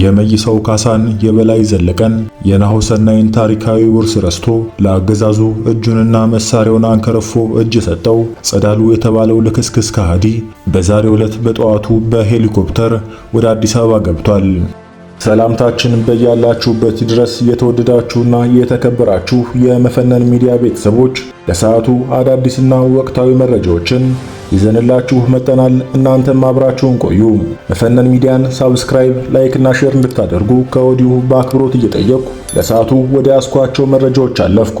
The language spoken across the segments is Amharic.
የመይሳው ካሳን፣ የበላይ ዘለቀን፣ የናሆሰናይን ታሪካዊ ውርስ ረስቶ ለአገዛዙ እጁንና መሳሪያውን አንከረፎ እጅ ሰጠው። ጸዳሉ የተባለው ልክስክስ ከሃዲ በዛሬው ዕለት በጠዋቱ በሄሊኮፕተር ወደ አዲስ አበባ ገብቷል። ሰላምታችን በያላችሁበት ድረስ የተወደዳችሁና የተከበራችሁ የመፈነን ሚዲያ ቤተሰቦች ለሰዓቱ አዳዲስና ወቅታዊ መረጃዎችን ይዘንላችሁ መጠናል። እናንተም አብራችሁን ቆዩ። መፈነን ሚዲያን ሳብስክራይብ፣ ላይክ እና ሼር እንድታደርጉ ከወዲሁ በአክብሮት እየጠየቅኩ ለሰዓቱ ወደ ያስኳቸው መረጃዎች አለፍኩ።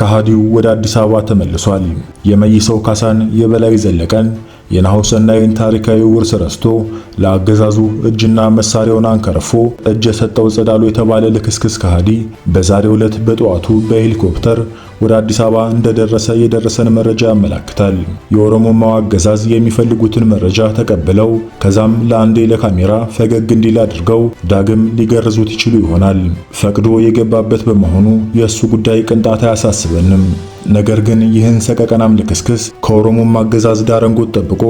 ከሃዲው ወደ አዲስ አበባ ተመልሷል። የመይሰው ካሳን፣ የበላይ ዘለቀን የናሆሰናይን ታሪካዊ ውርስ ረስቶ ለአገዛዙ እጅና መሳሪያውን አንከርፎ እጅ የሰጠው ጸዳሉ የተባለ ልክስክስ ከሃዲ በዛሬው ዕለት በጠዋቱ በሄሊኮፕተር ወደ አዲስ አበባ እንደደረሰ የደረሰን መረጃ ያመለክታል። የኦሮሞማው አገዛዝ የሚፈልጉትን መረጃ ተቀብለው ከዛም ለአንዴ ለካሜራ ፈገግ እንዲል አድርገው ዳግም ሊገርዙት ይችሉ ይሆናል። ፈቅዶ የገባበት በመሆኑ የእሱ ጉዳይ ቅንጣት አያሳስበንም። ነገር ግን ይህን ሰቀቀን አምልክስክስ ከኦሮሞም አገዛዝ ዳረንጎት ጠብቆ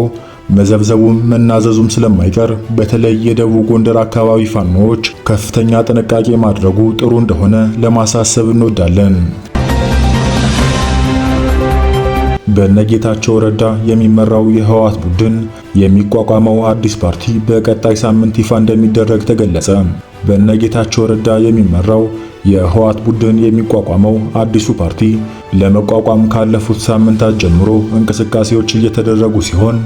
መዘብዘቡም መናዘዙም ስለማይቀር በተለይ የደቡብ ጎንደር አካባቢ ፋኖዎች ከፍተኛ ጥንቃቄ ማድረጉ ጥሩ እንደሆነ ለማሳሰብ እንወዳለን። በነጌታቸው ረዳ የሚመራው የህወሓት ቡድን የሚቋቋመው አዲስ ፓርቲ በቀጣይ ሳምንት ይፋ እንደሚደረግ ተገለጸ። በነጌታቸው ረዳ የሚመራው የህወሓት ቡድን የሚቋቋመው አዲሱ ፓርቲ ለመቋቋም ካለፉት ሳምንታት ጀምሮ እንቅስቃሴዎች እየተደረጉ ሲሆን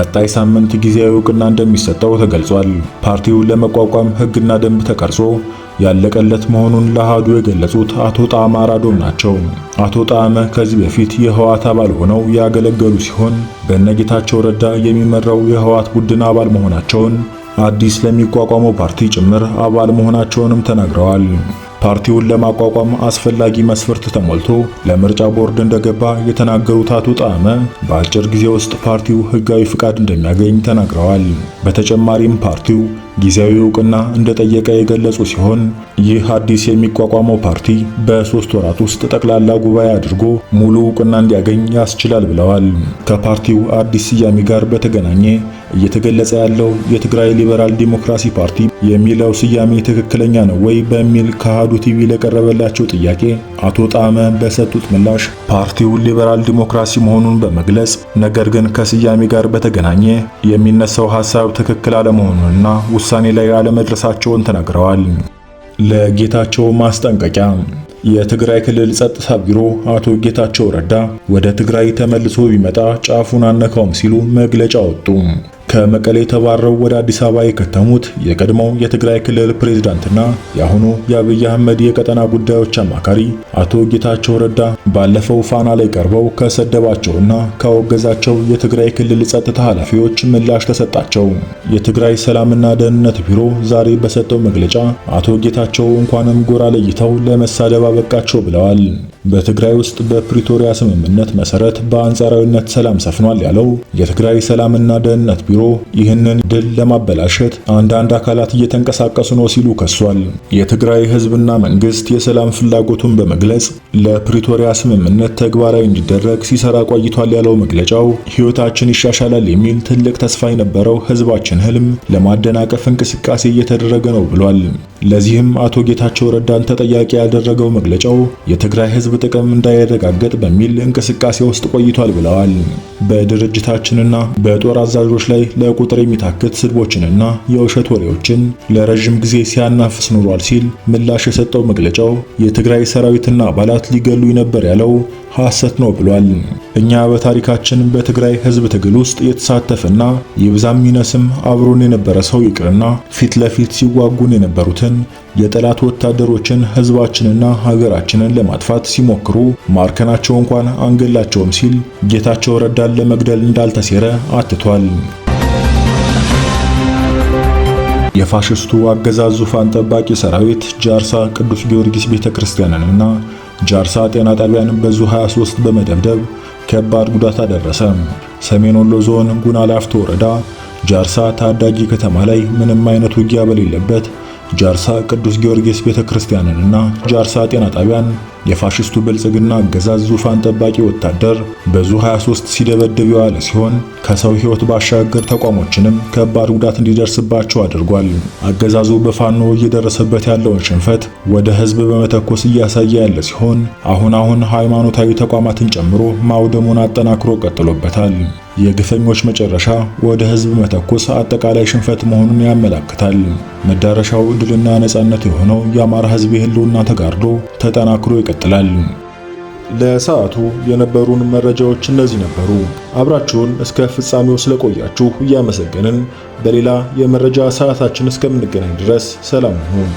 ቀጣይ ሳምንት ጊዜያዊ እውቅና እንደሚሰጠው ተገልጿል። ፓርቲው ለመቋቋም ሕግና ደንብ ተቀርጾ ያለቀለት መሆኑን ለአሃዱ የገለጹት አቶ ጣዕመ አራዶም ናቸው። አቶ ጣዕመ ከዚህ በፊት የህወሓት አባል ሆነው ያገለገሉ ሲሆን በእነጌታቸው ረዳ የሚመራው የህወሓት ቡድን አባል መሆናቸውን አዲስ ለሚቋቋመው ፓርቲ ጭምር አባል መሆናቸውንም ተናግረዋል። ፓርቲውን ለማቋቋም አስፈላጊ መስፈርት ተሞልቶ ለምርጫ ቦርድ እንደገባ የተናገሩት አቶ ጣዕመ በአጭር ጊዜ ውስጥ ፓርቲው ሕጋዊ ፍቃድ እንደሚያገኝ ተናግረዋል። በተጨማሪም ፓርቲው ጊዜያዊ እውቅና እንደጠየቀ የገለጹ ሲሆን ይህ አዲስ የሚቋቋመው ፓርቲ በሶስት ወራት ውስጥ ጠቅላላ ጉባኤ አድርጎ ሙሉ እውቅና እንዲያገኝ ያስችላል ብለዋል። ከፓርቲው አዲስ ስያሜ ጋር በተገናኘ እየተገለጸ ያለው የትግራይ ሊበራል ዲሞክራሲ ፓርቲ የሚለው ስያሜ ትክክለኛ ነው ወይ በሚል ከአሃዱ ቲቪ ለቀረበላቸው ጥያቄ አቶ ጣመ በሰጡት ምላሽ ፓርቲው ሊበራል ዲሞክራሲ መሆኑን በመግለጽ ነገር ግን ከስያሜ ጋር በተገናኘ የሚነሳው ሐሳብ ትክክል አለመሆኑንና ውሳኔ ላይ አለመድረሳቸውን ተናግረዋል። ለጌታቸው ማስጠንቀቂያ የትግራይ ክልል ጸጥታ ቢሮ አቶ ጌታቸው ረዳ ወደ ትግራይ ተመልሶ ቢመጣ ጫፉን አነካውም ሲሉ መግለጫ ወጡ። ከመቀሌ የተባረው ወደ አዲስ አበባ የከተሙት የቀድሞው የትግራይ ክልል ፕሬዝዳንትና የአሁኑ የአብይ አህመድ የቀጠና ጉዳዮች አማካሪ አቶ ጌታቸው ረዳ ባለፈው ፋና ላይ ቀርበው ከሰደባቸውና ካወገዛቸው የትግራይ ክልል ጸጥታ ኃላፊዎች ምላሽ ተሰጣቸው። የትግራይ ሰላምና ደህንነት ቢሮ ዛሬ በሰጠው መግለጫ አቶ ጌታቸው እንኳንም ጎራ ለይተው ለመሳደብ አበቃቸው ብለዋል። በትግራይ ውስጥ በፕሪቶሪያ ስምምነት መሰረት በአንጻራዊነት ሰላም ሰፍኗል ያለው የትግራይ ሰላምና ደህንነት ቢሮ ይህንን ድል ለማበላሸት አንዳንድ አካላት እየተንቀሳቀሱ ነው ሲሉ ከሷል። የትግራይ ህዝብና መንግስት የሰላም ፍላጎቱን በመግለጽ ለፕሪቶሪያ ስምምነት ተግባራዊ እንዲደረግ ሲሰራ ቆይቷል ያለው መግለጫው ሕይወታችን ይሻሻላል የሚል ትልቅ ተስፋ የነበረው ህዝባችን ህልም ለማደናቀፍ እንቅስቃሴ እየተደረገ ነው ብሏል። ለዚህም አቶ ጌታቸው ረዳን ተጠያቂ ያደረገው መግለጫው የትግራይ ህዝብ ጥቅም እንዳይረጋገጥ በሚል እንቅስቃሴ ውስጥ ቆይቷል ብለዋል። በድርጅታችንና በጦር አዛዦች ላይ ለቁጥር የሚታክት ስድቦችንና የውሸት ወሬዎችን ለረዥም ጊዜ ሲያናፍስ ኑሯል ሲል ምላሽ የሰጠው መግለጫው የትግራይ ሰራዊትና አባላት ሊገሉ ነበር ያለው ሐሰት ነው ብሏል። እኛ በታሪካችን በትግራይ ሕዝብ ትግል ውስጥ የተሳተፈና የብዛም ይነስም አብሮን የነበረ ሰው ይቅርና ፊት ለፊት ሲዋጉን የነበሩትን የጠላት ወታደሮችን ህዝባችንና ሀገራችንን ለማጥፋት ሲሞክሩ ማርከናቸው እንኳን አንገላቸውም ሲል ጌታቸው ረዳን ለመግደል እንዳልተሴረ አትቷል። የፋሽስቱ አገዛዝ ዙፋን ጠባቂ ሰራዊት ጃርሳ ቅዱስ ጊዮርጊስ ቤተክርስቲያንንና ጃርሳ ጤና ጣቢያን በዙ 23 በመደብደብ ከባድ ጉዳት አደረሰ። ሰሜን ወሎ ዞን ጉና ላፍቶ ወረዳ ጃርሳ ታዳጊ ከተማ ላይ ምንም አይነት ውጊያ በሌለበት ጃርሳ ቅዱስ ጊዮርጊስ ቤተክርስቲያንን እና ጃርሳ ጤና ጣቢያን የፋሽስቱ ብልጽግና አገዛዝ ዙፋን ጠባቂ ወታደር በዙ 23 ሲደበድብ የዋለ ሲሆን ከሰው ሕይወት ባሻገር ተቋሞችንም ከባድ ጉዳት እንዲደርስባቸው አድርጓል። አገዛዙ በፋኖ እየደረሰበት ያለውን ሽንፈት ወደ ሕዝብ በመተኮስ እያሳየ ያለ ሲሆን አሁን አሁን ሃይማኖታዊ ተቋማትን ጨምሮ ማውደሙን አጠናክሮ ቀጥሎበታል። የግፈኞች መጨረሻ ወደ ህዝብ መተኮስ አጠቃላይ ሽንፈት መሆኑን ያመለክታል። መዳረሻው ድልና ነጻነት የሆነው የአማራ ህዝብ የህልውና ተጋድሎ ተጠናክሮ ይቀጥላል። ለሰዓቱ የነበሩን መረጃዎች እነዚህ ነበሩ። አብራችሁን እስከ ፍጻሜው ስለቆያችሁ እያመሰገንን በሌላ የመረጃ ሰዓታችን እስከምንገናኝ ድረስ ሰላም ሁኑ።